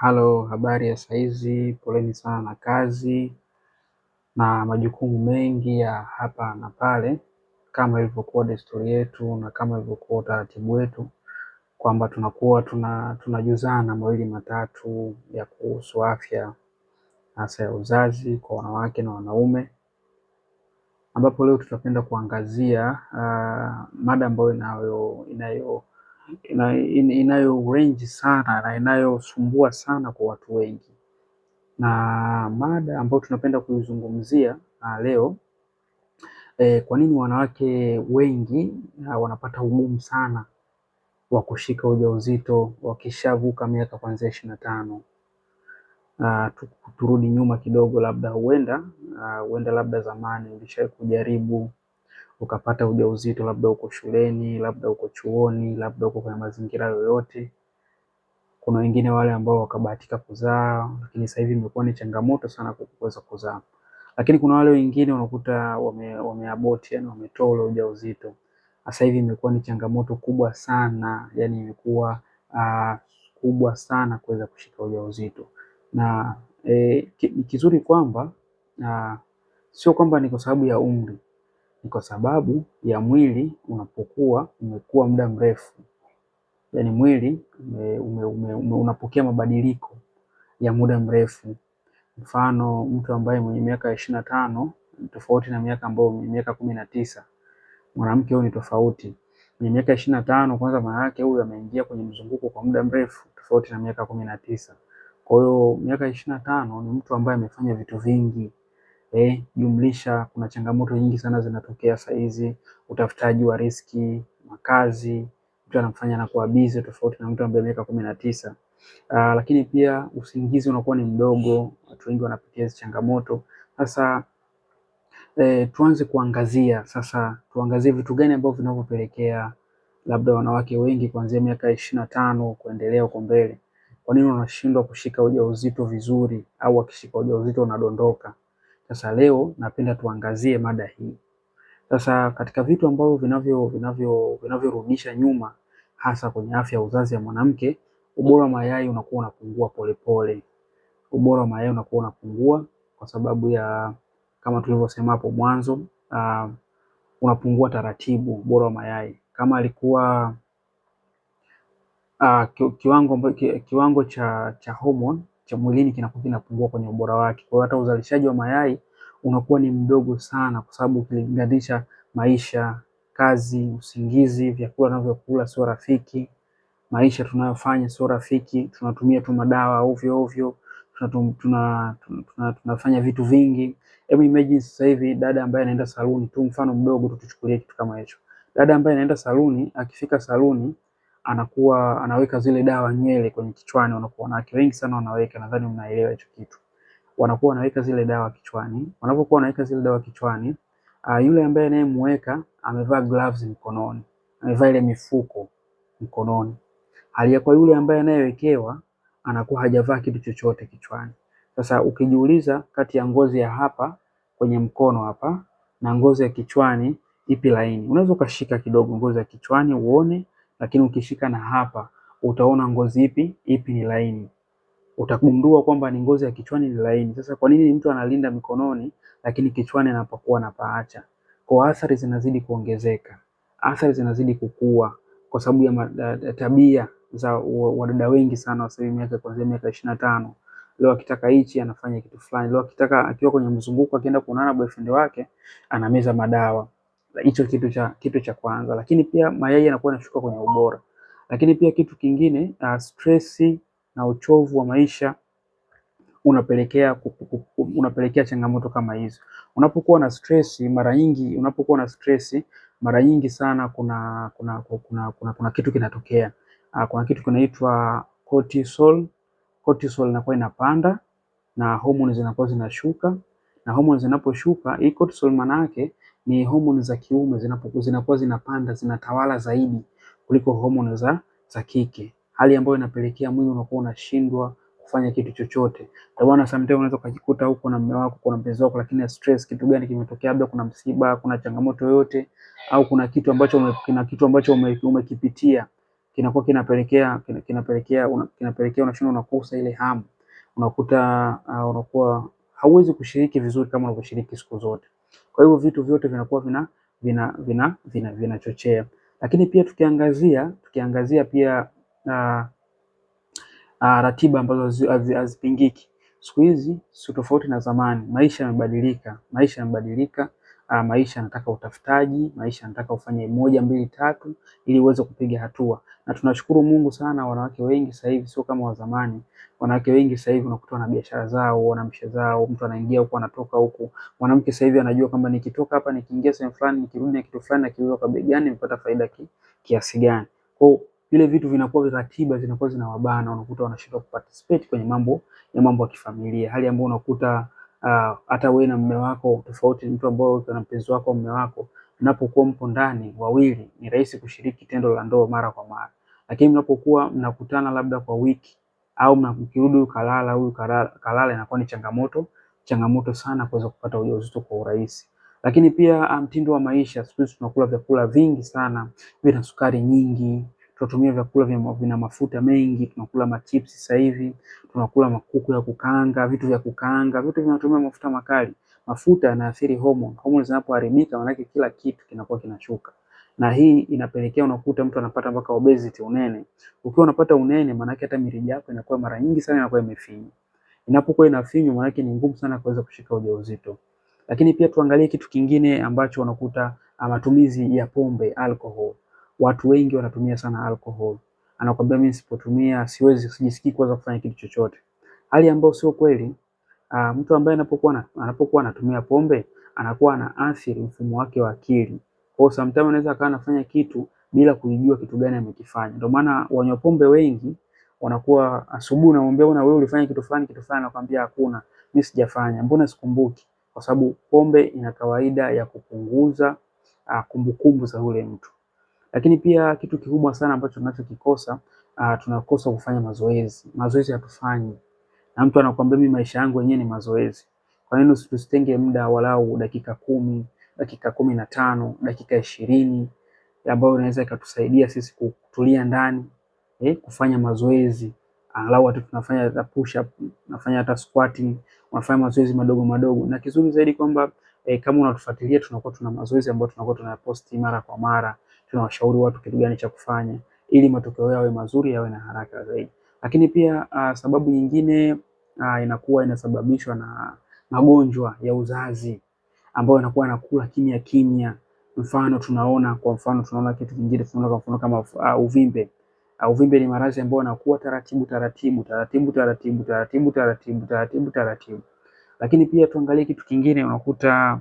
halo, habari ya saizi, poleni sana na kazi na majukumu mengi ya hapa na pale, kama ilivyokuwa desturi yetu na kama ilivyokuwa utaratibu wetu kwamba tunakuwa tuna tunajuzana mawili matatu ya kuhusu afya hasa ya uzazi kwa wanawake na wanaume, ambapo leo tutapenda kuangazia uh, mada ambayo inayo ina, in, inayo range sana na inayosumbua sana kwa watu wengi, na mada ambayo tunapenda kuizungumzia ah, leo eh, kwa nini wanawake wengi ah, wanapata ugumu sana wa kushika ujauzito wakishavuka miaka kuanzia ishirini na tano. Uh, turudi nyuma kidogo, labda huenda huenda uh, labda zamani ulishawahi kujaribu ukapata ujauzito, labda uko shuleni, labda uko chuoni, labda uko kwenye mazingira yoyote. Kuna wengine wale ambao wakabahatika kuzaa, lakini sasa hivi imekuwa ni changamoto sana kuweza kuzaa. Lakini kuna wale wengine unakuta wame, wameabort yani wametoa ule ujauzito. Sasa hivi imekuwa ni changamoto kubwa sana, yani imekuwa uh, kubwa sana kuweza kushika ujauzito na eh, kizuri kwamba uh, sio kwamba ni kwa sababu ya umri ni kwa sababu ya mwili unapokuwa umekuwa muda mrefu, yaani mwili ume, ume, ume, ume, unapokea mabadiliko ya muda mrefu. Mfano, mtu ambaye mwenye miaka ishirini na tano ni tofauti na miaka ambayo miaka kumi na tisa. Mwanamke huyu ni tofauti mwenye miaka ishirini na tano kwanza, maana yake huyu ameingia kwenye mzunguko kwa muda mrefu, tofauti na miaka kumi na tisa. Kwa hiyo miaka ishirini na tano ni mtu ambaye amefanya vitu vingi eh, jumlisha kuna changamoto nyingi sana zinatokea saa hizi, utafutaji wa riski, makazi, mtu anafanya na kuwa busy tofauti na mtu ambaye miaka kumi na tisa. Aa, lakini pia usingizi unakuwa ni mdogo, watu wengi wanapitia hizi changamoto sasa. Eh, tuanze kuangazia sasa, tuangazie vitu gani ambavyo vinavyopelekea labda wanawake wengi kuanzia miaka ishirini na tano kuendelea huko mbele, kwa nini wanashindwa kushika ujauzito vizuri, au wakishika ujauzito unadondoka? Sasa leo napenda tuangazie mada hii. Sasa katika vitu ambavyo vinavyo vinavyo vinavyorudisha nyuma hasa kwenye afya ya uzazi ya mwanamke, ubora wa mayai unakuwa unapungua polepole. Ubora wa mayai unakuwa unapungua kwa sababu ya kama tulivyosema hapo mwanzo, uh, unapungua taratibu ubora wa mayai. Kama alikuwa uh, kiwango, kiwango cha, cha homoni cha mwilini kinakuwa kinapungua kwenye ubora wake. Kwa hiyo hata uzalishaji wa mayai unakuwa ni mdogo sana, kwa sababu ukilinganisha maisha, kazi, usingizi, vyakula tunavyokula sio rafiki, maisha tunayofanya sio rafiki, tunatumia tu madawa ovyo ovyo, tunafanya tuna, tuna, tuna, tuna vitu vingi. Hebu imagine sasa hivi dada ambaye anaenda saluni tu, mfano mdogo tu, tuchukulie kitu kama hicho, dada ambaye anaenda saluni, akifika saluni anakuwa anaweka zile dawa nywele kwenye kichwani, wanakuwa wanawake wengi sana wanaweka, nadhani mnaelewa hicho kitu. Wanakuwa wanaweka zile dawa kichwani, wanapokuwa wanaweka zile dawa kichwani uh, yule ambaye anayemweka amevaa gloves mkononi, amevaa ile mifuko mkononi, kwa yule ambaye anayewekewa anakuwa hajavaa kitu chochote kichwani. Sasa ukijiuliza kati ya ngozi ya hapa kwenye mkono hapa na ngozi ya kichwani ipi laini, unaweza ukashika kidogo ngozi ya kichwani uone lakini ukishika na hapa utaona ngozi ipi ipi ni laini, utagundua kwamba ni ngozi ya kichwani ni laini. Sasa kwa nini mtu analinda mikononi lakini kichwani anapokuwa paacha Kwa athari zinazidi kuongezeka, athari zinazidi kukua kwa sababu ya tabia za wadada wengi sana wa sasa miaka kuanzia miaka ishirini na tano. Leo akitaka hichi anafanya kitu fulani, leo akitaka, akiwa kwenye mzunguko, akienda kuonana na boyfriend wake anameza madawa hicho kitu cha kitu cha kwanza, lakini pia mayai yanakuwa yanashuka kwenye ubora. Lakini pia kitu kingine uh, ah, stress na uchovu wa maisha unapelekea unapelekea changamoto kama hizo. Unapokuwa na stress mara nyingi, unapokuwa na stress mara nyingi sana kuna kuna kuna, kuna, kuna, kuna kitu kinatokea uh, kuna kitu kinaitwa cortisol. Cortisol inakuwa inapanda na homoni zinakuwa zinashuka, na homoni zinaposhuka, hii cortisol maana yake ni homoni za kiume zinapokuwa zinakuwa zinapanda zinatawala zaidi kuliko homoni za, za kike, hali ambayo inapelekea mwili unakuwa unashindwa kufanya kitu chochote. Kwa maana sometimes unaweza kujikuta huko na mume wako, kuna mpenzi wako, lakini stress, kitu gani kimetokea? Labda kuna msiba, kuna changamoto yoyote, au kuna kitu ambacho ume, kuna kitu ambacho umekipitia ume kinakuwa kinapelekea kinapelekea kinapelekea unashindwa, unakosa ile hamu, unakuta uh, unakuwa hauwezi kushiriki vizuri kama unavyoshiriki siku zote. Kwa hivyo vitu vyote vinakuwa vina vinachochea vina, vina, vina, vina. Lakini pia tukiangazia tukiangazia pia uh, uh, ratiba ambazo hazipingiki siku hizi, si tofauti na zamani. Maisha yamebadilika, maisha yamebadilika uh, maisha yanataka utafutaji, maisha yanataka ufanye moja mbili tatu ili uweze kupiga hatua. Na tunashukuru Mungu sana, wanawake wengi sasa hivi sio kama wa zamani. Wanawake wengi sasa hivi unakuta na biashara zao, wana misha zao, mtu anaingia huko anatoka huko. Mwanamke sasa hivi anajua kwamba nikitoka hapa nikiingia sehemu fulani nikirudi na kitu fulani nakiuza kwa bei gani, nipata faida ki, kiasi gani. Kwa vile vitu vinakuwa ratiba zinakuwa zinawabana, unakuta wanashindwa kuparticipate kwenye mambo ya mambo ya kifamilia, hali ambayo unakuta Ah, hata uh, wewe na mume wako tofauti, mtu ambaye na mpenzi wako mume wako, mnapokuwa mpo ndani wawili, ni rahisi kushiriki tendo la ndoa mara kwa mara, lakini mnapokuwa mnakutana labda kwa wiki au mkirudi kalala huyu kalala, inakuwa ni changamoto changamoto sana kuweza kupata ujauzito kwa urahisi. Lakini pia ah, mtindo wa maisha, siku hizi tunakula vyakula vingi sana vina sukari nyingi tunatumia vyakula vina mafuta mengi, tunakula machips sasa hivi, tunakula makuku ya kukaanga, vitu vya kukaanga, vitu vinatumia mafuta makali. Mafuta yanaathiri homoni. Homoni zinapoharibika, maanake kila kitu kinakuwa kinashuka, na hii inapelekea unakuta mtu anapata mpaka obesity, unene. Ukiwa unapata unene, maana yake hata mirija yako inakuwa mara nyingi sana inakuwa imefinya. Inapokuwa inafinywa, yake ni ngumu sana kuweza kushika ujauzito. Lakini pia tuangalie kitu kingine ambacho unakuta ah, matumizi ya pombe alcohol watu wengi wanatumia sana alcohol. Anakuambia mimi sipotumia siwezi, sijisikii kuweza kufanya kitu chochote, hali ambayo sio kweli. Uh, mtu ambaye anapokuwa anapokuwa anatumia pombe anakuwa anaathiri mfumo wake wa akili. Kwa hiyo sometimes anaweza akawa anafanya kitu bila kujua kitu gani amekifanya. Ndio maana wanywa pombe wengi wanakuwa asubuhi, unamwambia bwana, wewe ulifanya kitu fulani kitu fulani, anakuambia hakuna, mimi sijafanya, mbona sikumbuki? Kwa sababu pombe ina kawaida ya kupunguza ah, kumbukumbu uh, kumbu za ule mtu. Lakini pia kitu kikubwa sana ambacho tunachokikosa uh, tunakosa kufanya mazoezi. Mazoezi hatufanyi, na mtu anakuambia mimi maisha yangu yenyewe ni mazoezi. Kwa nini tusitenge muda walau dakika kumi, dakika kumi na tano, dakika ishirini ambayo inaweza ikatusaidia sisi kutulia ndani eh, kufanya mazoezi angalau hata tunafanya hata push up, tunafanya hata squatting, unafanya mazoezi madogo madogo, na kizuri zaidi kwamba eh, kama unatufuatilia tunakuwa tuna mazoezi ambayo tunakuwa tunaposti mara kwa mara tunawashauri watu kitu gani cha kufanya ili matokeo yawe mazuri, yawe na haraka zaidi. Lakini pia uh, sababu nyingine uh, inakuwa inasababishwa na magonjwa ya uzazi ambayo inakuwa inakula kimya kimya. Mfano tunaona kwa mfano tunaona kitu kingine tunaona kwa mfano kama uh, uvimbe uh, uvimbe ni maradhi ambayo yanakuwa taratibu taratibu taratibu taratibu taratibu taratibu taratibu taratibu. Lakini pia tuangalie kitu kingine unakuta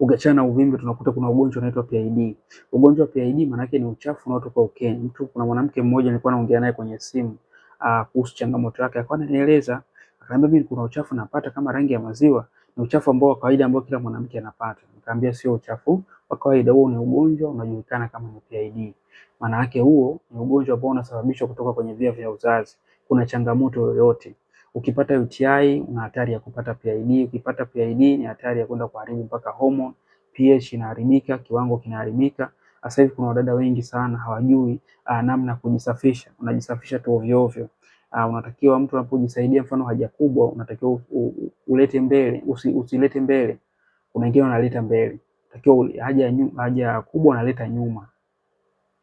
Ukiachana na uvimbe, tunakuta kuna ugonjwa unaitwa PID. Ugonjwa wa PID maana yake ni uchafu unaotoka ukeni. Mtu, kuna mwanamke mmoja nilikuwa naongea naye kwenye simu uh, kuhusu changamoto yake, akawa ananieleza akaniambia, mimi kuna uchafu napata kama rangi ya maziwa, ni uchafu ambao wa kawaida ambao kila mwanamke anapata. Nikamwambia sio uchafu wa kawaida, huo ni ugonjwa unajulikana kama ni PID. Maana yake huo ni ugonjwa ambao unasababishwa kutoka kwenye via vya uzazi, kuna changamoto yoyote Ukipata UTI una hatari ya kupata PID. Ukipata PID ni hatari ya kwenda kuharibu mpaka homoni, pH inaharibika, kiwango kinaharibika. Sasa hivi kuna wadada wengi sana hawajui ah, namna kujisafisha, unajisafisha tu ovyo ovyo. Uh, unatakiwa mtu anapojisaidia, mfano haja kubwa unatakiwa ulete mbele usi, usilete mbele. Kuna wengine wanaleta mbele, unatakiwa haja haja kubwa unaleta nyuma,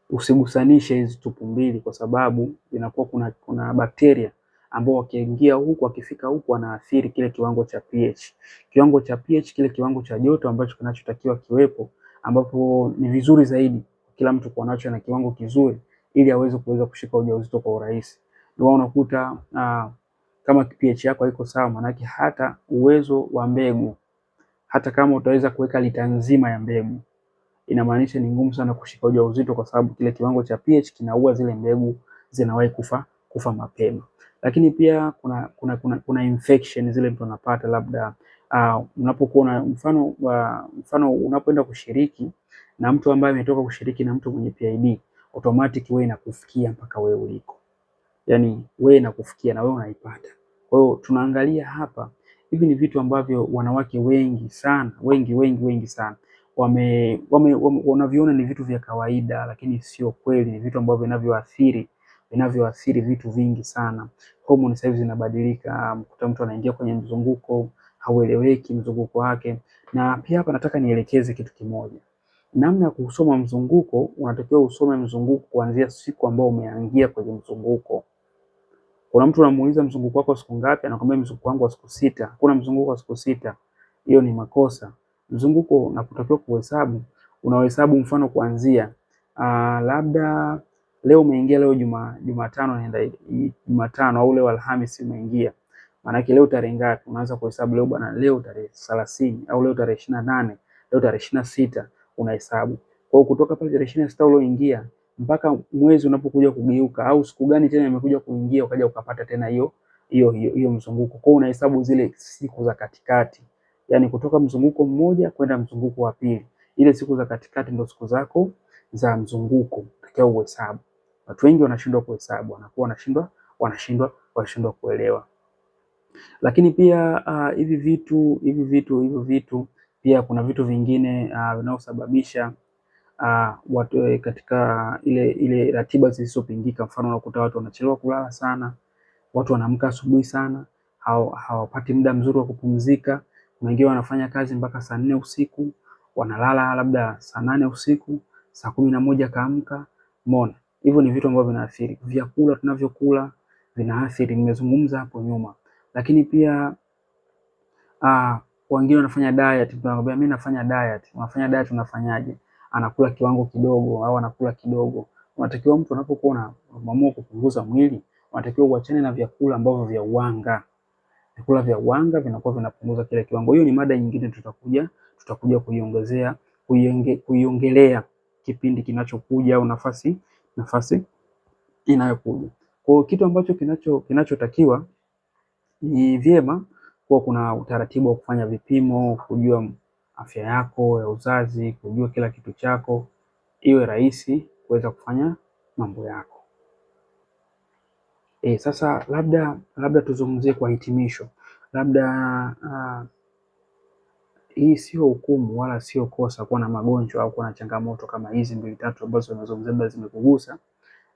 usigusanishe hizi tupu mbili, kwa sababu inakuwa kuna, kuna bakteria ambao wakiingia huku wakifika huku wanaathiri kile kiwango cha pH. Kiwango cha pH kile kiwango cha joto ambacho kinachotakiwa kiwepo, ambapo ni vizuri zaidi kila mtu kuwa nacho na kiwango kizuri, ili aweze kuweza kushika ujauzito kwa urahisi. Ndio unakuta uh, kama pH yako haiko sawa, manake hata uwezo wa mbegu, hata kama utaweza kuweka lita nzima ya mbegu, inamaanisha ni ngumu sana kushika ujauzito, kwa sababu kile kiwango cha pH kinaua zile mbegu, zinawahi kufa kufa mapema. Lakini pia kuna, kuna, kuna, kuna infection zile mtu anapata labda uh, unapokuwa mfano uh, mfano unapoenda kushiriki na mtu ambaye ametoka kushiriki na mtu mwenye PID automatic wewe inakufikia mpaka wewe uliko, yani wewe inakufikia na wewe unaipata. Kwa hiyo tunaangalia hapa, hivi ni vitu ambavyo wanawake wengi sana wengi wengi wengi sana wame, wame, wame, wanaviona ni vitu vya kawaida, lakini sio kweli. Ni vitu ambavyo vinavyoathiri vinavyoathiri vitu vingi sana. Homoni sasa hivi zinabadilika, mkuta mtu anaingia kwenye mzunguko haueleweki mzunguko wake. Na pia hapa nataka nielekeze kitu kimoja, namna ya kusoma mzunguko. Unatakiwa usome mzunguko kuanzia siku ambayo umeangia kwenye mzunguko. Kuna mtu anamuuliza mzunguko wako siku ngapi, anakwambia mzunguko wangu wa siku sita. Kuna mzunguko wa siku sita, hiyo ni makosa. Mzunguko unatakiwa kuhesabu, unaohesabu mfano kuanzia ah, labda leo umeingia, leo juma Jumatano naenda Jumatano au leo Alhamisi umeingia, maana leo tarehe ngapi? Unaanza kuhesabu leo, bwana, leo tarehe 30 au leo tarehe 28, leo tarehe 26 unahesabu. Kwa hiyo kutoka pale tarehe 26 ulioingia mpaka mwezi unapokuja kugeuka au siku gani tena imekuja kuingia ukaja ukapata tena hiyo hiyo hiyo mzunguko. Kwa hiyo unahesabu zile siku za katikati, yani kutoka mzunguko mmoja kwenda mzunguko wa pili. Ile siku za katikati ndio siku zako za mzunguko, takiwa uhesabu. Watu wengi wanashindwa kuhesabu, wanakuwa wanashindwa wanashindwa wanashindwa kuelewa. Lakini pia uh, hivi vitu hivi vitu hivi vitu pia kuna vitu vingine uh, vinavyosababisha uh, watu eh, katika ile ile ratiba zisizopingika. Mfano, unakuta watu wanachelewa kulala sana, watu wanaamka asubuhi sana, hawapati muda mzuri wa kupumzika. Kuna wengine wanafanya kazi mpaka saa nne usiku, wanalala labda saa nane usiku, saa kumi na moja kaamka, umeona. Hivyo ni vitu ambavyo vinaathiri. Vyakula tunavyokula vinaathiri, nimezungumza hapo nyuma. Lakini pia ah, wengine wanafanya diet, tunawaambia mimi nafanya diet. Unafanya diet unafanyaje? Anakula kiwango kidogo au anakula kidogo. Unatakiwa mtu anapokuwa na unaamua kupunguza mwili, unatakiwa uachane na vyakula ambavyo vya uwanga. Vyakula vya uwanga vinakuwa vinapunguza kile kiwango. Hiyo ni mada nyingine tutakuja tutakuja kuiongezea kuiongelea kipindi kinachokuja au nafasi nafasi inayokuja. Kwa hiyo kitu ambacho kinacho kinachotakiwa ni vyema kuwa kuna utaratibu wa kufanya vipimo, kujua afya yako ya uzazi, kujua kila kitu chako, iwe rahisi kuweza kufanya mambo yako. E, sasa labda labda tuzungumzie kwa hitimisho labda uh, hii sio hukumu wala sio kosa kuwa na magonjwa au kuwa na changamoto kama hizi mbili tatu ambazo nazozaba zimekugusa.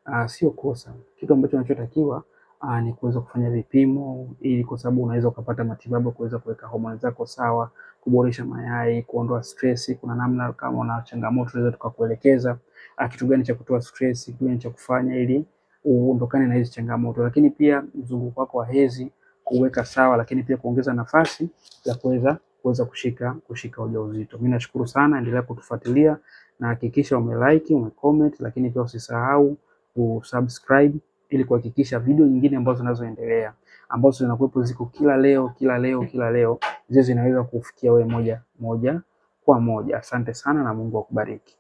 Uh, sio kosa. Kitu ambacho unachotakiwa uh, ah, ni kuweza kufanya vipimo, ili kwa sababu unaweza ukapata matibabu kuweza kuweka homoni zako sawa, kuboresha mayai, kuondoa stress. Kuna namna kama una changamoto unaweza tukakuelekeza uh, kitu gani cha kutoa stress, kitu gani cha kufanya ili uondokane na hizi changamoto, lakini pia mzunguko wako wa hezi kuweka sawa, lakini pia kuongeza nafasi ya kuweza kuweza kushika kushika ujauzito. Mimi nashukuru sana, endelea kutufuatilia na hakikisha umelike, umecomment, lakini pia usisahau kusubscribe ili kuhakikisha video nyingine ambazo zinazoendelea ambazo zinakuwepo ziko kila leo kila leo kila leo, zio zinaweza kufikia wewe moja moja kwa moja. Asante sana na Mungu akubariki.